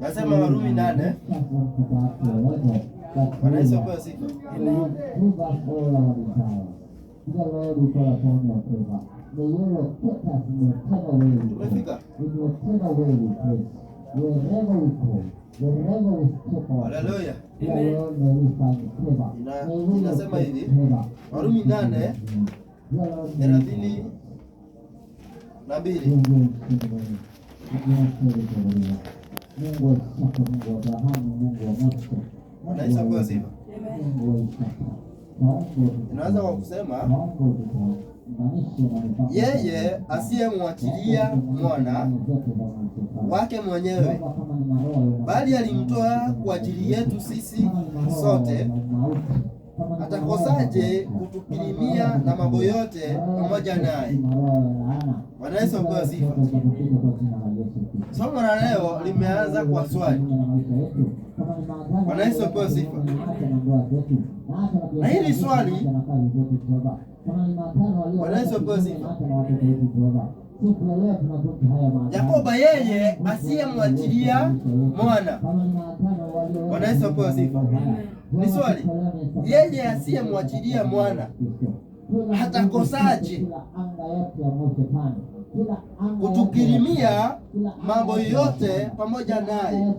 Nasema Warumi nane wanaweza kuwa sifa tumefika Haleluya. Inasema hivi Warumi nane thelathini na mbili Mungu wa Isaka, Mungu wa Abrahamu, Mungu wa Musa, Mungu wa Isaka, kwa kusema yeye asiyemwachilia mwana wake mwenyewe, bali alimtoa kwa ajili yetu sisi sote atakosaje kutukirimia na mambo yote pamoja naye? Bwana Yesu apewe sifa. Somo la leo limeanza kwa swali. Bwana Yesu apewe sifa. Na hili swali Yakoba yeye asiyemwachilia mwana. Bwana Yesu apewe sifa. Ni swali, yeye asiyemwachilia mwana hatakosaje kutukirimia mambo yote pamoja naye?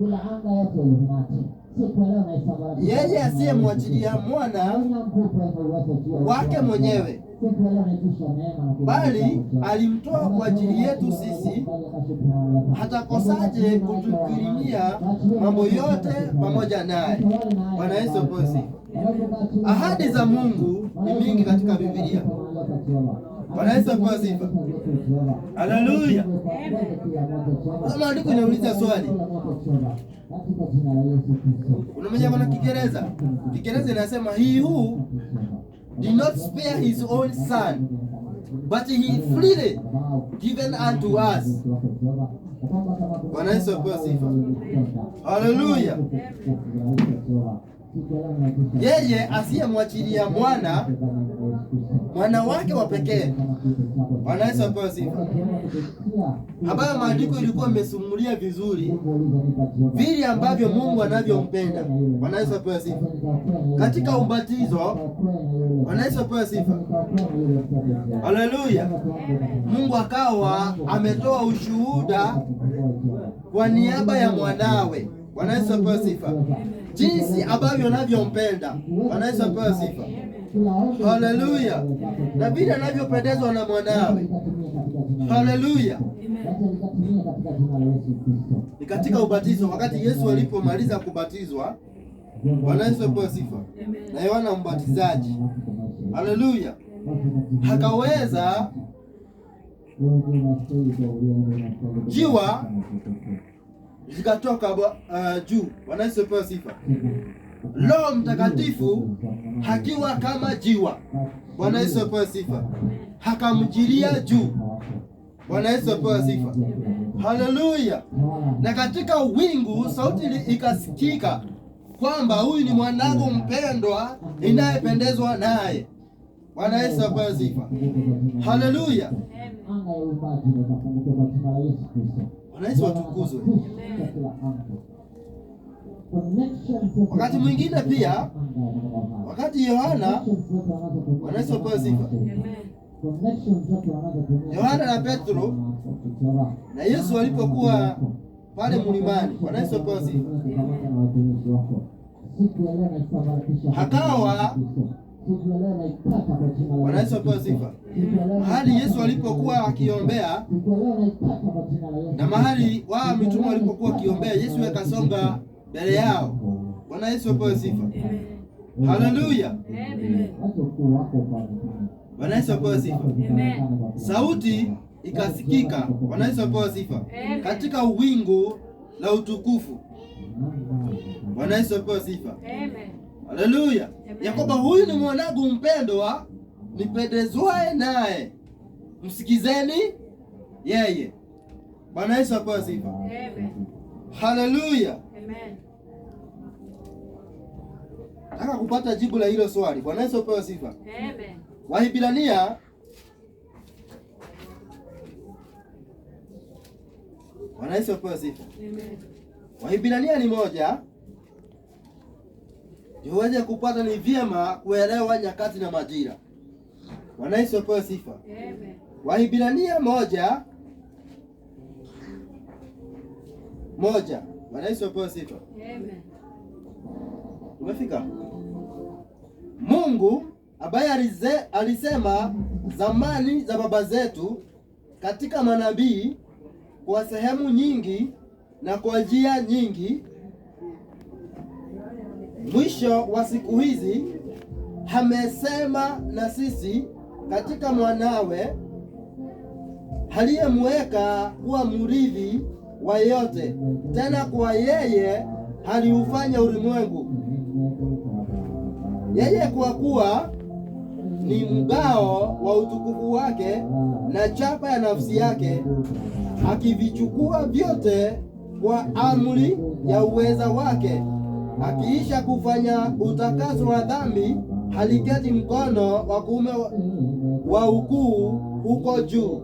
bila anga yake yote yeye asiyemwachilia mwana wake mwenyewe bali alimtoa kwa ajili yetu sisi, hatakosaje kutukirimia mambo yote pamoja naye. Bwana Yesu Ahadi za Mungu ni mingi katika Biblia. Bwana Yesu apewe sifa. Haleluya. Maandiko inauliza swali. Unamjua bwana Kiingereza? Kiingereza inasema he who did not spare his own son but he freely given unto us. Bwana Yesu apewe sifa. Haleluya. Yeye asiyemwachilia mwana mwana wake wa pekee. Bwana Yesu apewe sifa. Ambayo maandiko ilikuwa imesumulia vizuri vile ambavyo Mungu anavyompenda. Bwana Yesu apewe sifa. Katika ubatizo, Bwana Yesu apewe sifa. Haleluya! Mungu akawa ametoa ushuhuda kwa niaba ya mwanawe. Bwana Yesu apewe sifa jinsi ambavyo anavyompenda. Bwana Yesu apewe sifa. Haleluya! na vile anavyopendezwa na mwanawe. Haleluya! ni katika ubatizo. Wakati Yesu alipomaliza kubatizwa, Bwana Yesu apewe sifa, na Yohana Mbatizaji, haleluya, akaweza jiwa zikatoka uh, eh, juu. Bwana Yesu apewe sifa. Mm-hmm. Roho Mtakatifu hakiwa kama jiwa. Bwana Yesu apewe sifa. Hakamjilia juu. Bwana Yesu apewe sifa. Haleluya! Na katika wingu sauti ikasikika kwamba huyu ni mwanangu mpendwa inayependezwa naye. Bwana Yesu apewe sifa. Haleluya! anga ya uumbaji na inafunguka kwa jina la Yesu Kristo. Wanaishi watukuzwe. Wakati mwingine pia, wakati Yohana wanaishi wapewe sifa. Yohana na Petro na Yesu walipokuwa pale mlimani, wanaishi wapewe sifa. Hakawa Bwana Yesu apewe sifa. Mahali Yesu alipokuwa akiombea na mahali wao mitume walipokuwa akiombea, Yesu akasonga mbele yao. Bwana Yesu apewe sifa. Haleluya. Bwana Yesu apewe sifa. Sauti ikasikika. Bwana Yesu apewe sifa katika wingu la utukufu. Bwana Yesu apewe sifa. Amen. Haleluya ya kwamba huyu ni mwanangu mpendwa nipendezwae naye, msikizeni yeye. Bwana Yesu apewe sifa. Haleluya. Nataka kupata jibu la hilo swali. Bwana Yesu apewe sifa. Wahibilania Bwana Yesu apewe sifa. wahibirania ni moja niweze kupata, ni vyema kuelewa nyakati na majira. Bwana Yesu apewe sifa. Waibrania moja moja. Bwana Yesu apewe sifa. Amen. Umefika? Mungu ambaye alisema zamani za baba zetu katika manabii kwa sehemu nyingi na kwa njia nyingi Mwisho wa siku hizi amesema na sisi katika mwanawe aliyemweka kuwa mrithi wa yote, tena kwa yeye aliufanya ulimwengu. Yeye kwa kuwa ni mgao wa utukufu wake na chapa ya nafsi yake, akivichukua vyote kwa amri ya uweza wake Akiisha kufanya utakaso wa dhambi, haliketi mkono wa kuume wa ukuu huko juu.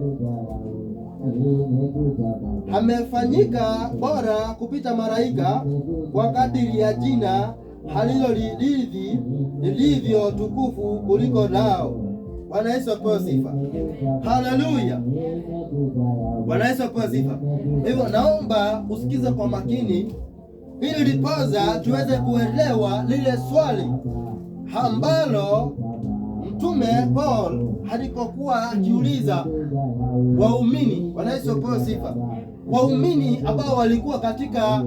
Amefanyika bora kupita malaika kwa kadiri ya jina halilolilidhi lilivyo tukufu kuliko lao. Bwana Yesu apewe sifa. Haleluya. Bwana Yesu apewe sifa. Hivyo naomba usikize kwa makini ili lipoza tuweze kuelewa lile swali ambalo Mtume Paul alipokuwa akiuliza waumini wanaopewa sifa, waumini ambao walikuwa katika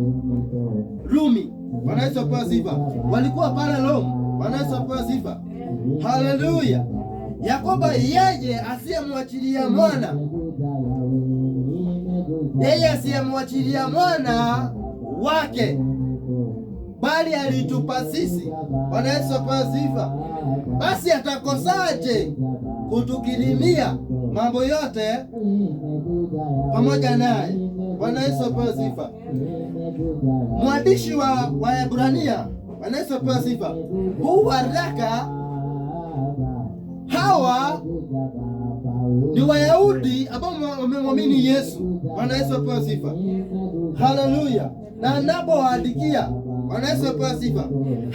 Rumi wanaopewa sifa, walikuwa pale Rome wanaopewa sifa. Haleluya! yakoba yeye asiyemwachilia mwana, yeye asiyemwachilia mwana wake, bali alitupa sisi. Bwana Yesu apewe sifa. Basi atakosaje kutukirimia mambo yote pamoja naye? Bwana Yesu apewe sifa. Mwandishi wa Waebrania, Bwana Yesu apewe sifa, huu waraka hawa ni Wayahudi ambao wamemwamini Yesu. Bwana Yesu apewe sifa, haleluya. Na anapowaandikia Bwana Yesu apewe sifa,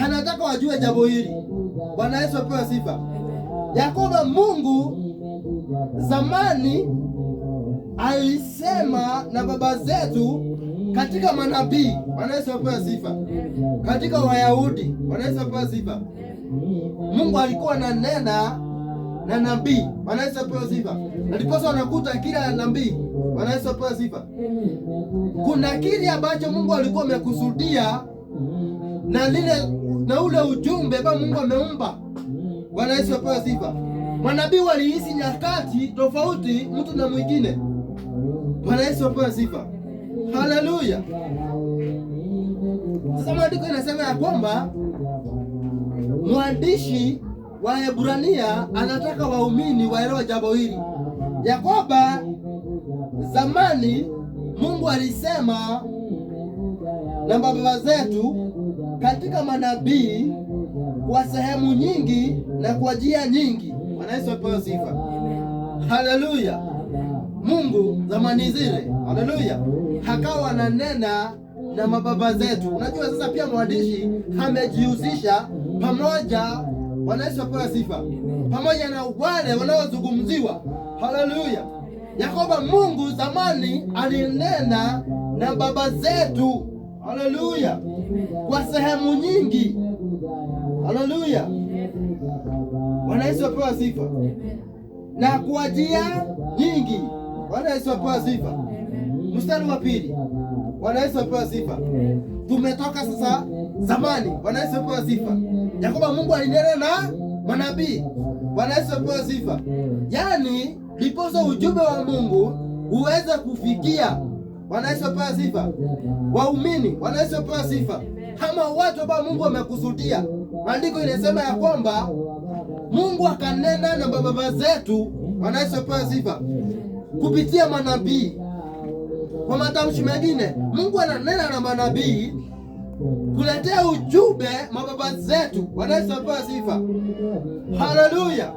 anataka wajue jambo hili. Bwana Yesu apewe sifa ya kwamba Mungu zamani alisema na baba zetu katika manabii Bwana Yesu apewe sifa, katika Wayahudi Bwana Yesu apewe sifa. Mungu alikuwa ananena na nabii. Bwana Yesu apewe sifa. Ndiposa wanakuta kila nabii, Bwana Yesu apewe sifa, kuna kile ambacho Mungu alikuwa amekusudia na lile na ule ujumbe ambao Mungu ameumba. Bwana Yesu apewe sifa. Manabii walihisi nyakati tofauti mtu na mwingine. Bwana Yesu apewe sifa. Haleluya. Sasa maandiko inasema ya kwamba mwandishi Waebrania anataka waumini waelewe jambo hili ya kwamba zamani Mungu alisema na baba zetu katika manabii kwa sehemu nyingi na kwa njia nyingi. Bwana Yesu apewe sifa, haleluya. Mungu zamani zile, haleluya, hakawa ananena na mababa zetu. Unajua sasa pia mwandishi amejihusisha pamoja Bwana Yesu apewe sifa pamoja na wale wanaozungumziwa. Haleluya! yakoba Mungu zamani alinena na baba zetu, haleluya, kwa sehemu nyingi. Haleluya, Bwana Yesu apewe sifa, na kwa njia nyingi. Bwana Yesu apewe sifa. Mstari wa pili. Bwana Yesu apewe sifa. Tumetoka sasa zamani. Bwana Yesu apewe sifa. Yakoba, Mungu alinena na manabii. Bwana Yesu apewe sifa. Yaani lipozo ujumbe wa Mungu uweze kufikia. Bwana Yesu apewe sifa. Waumini, Bwana Yesu apewe sifa. Kama watu ambao Mungu amekusudia. Maandiko inasema ya kwamba Mungu akanena na baba zetu. Bwana Yesu apewe sifa. Kupitia manabii. Kwa matamshi mengine, Mungu ananena na manabii kuletea ujumbe mababa zetu. Bwana Yesu apewe sifa. Haleluya.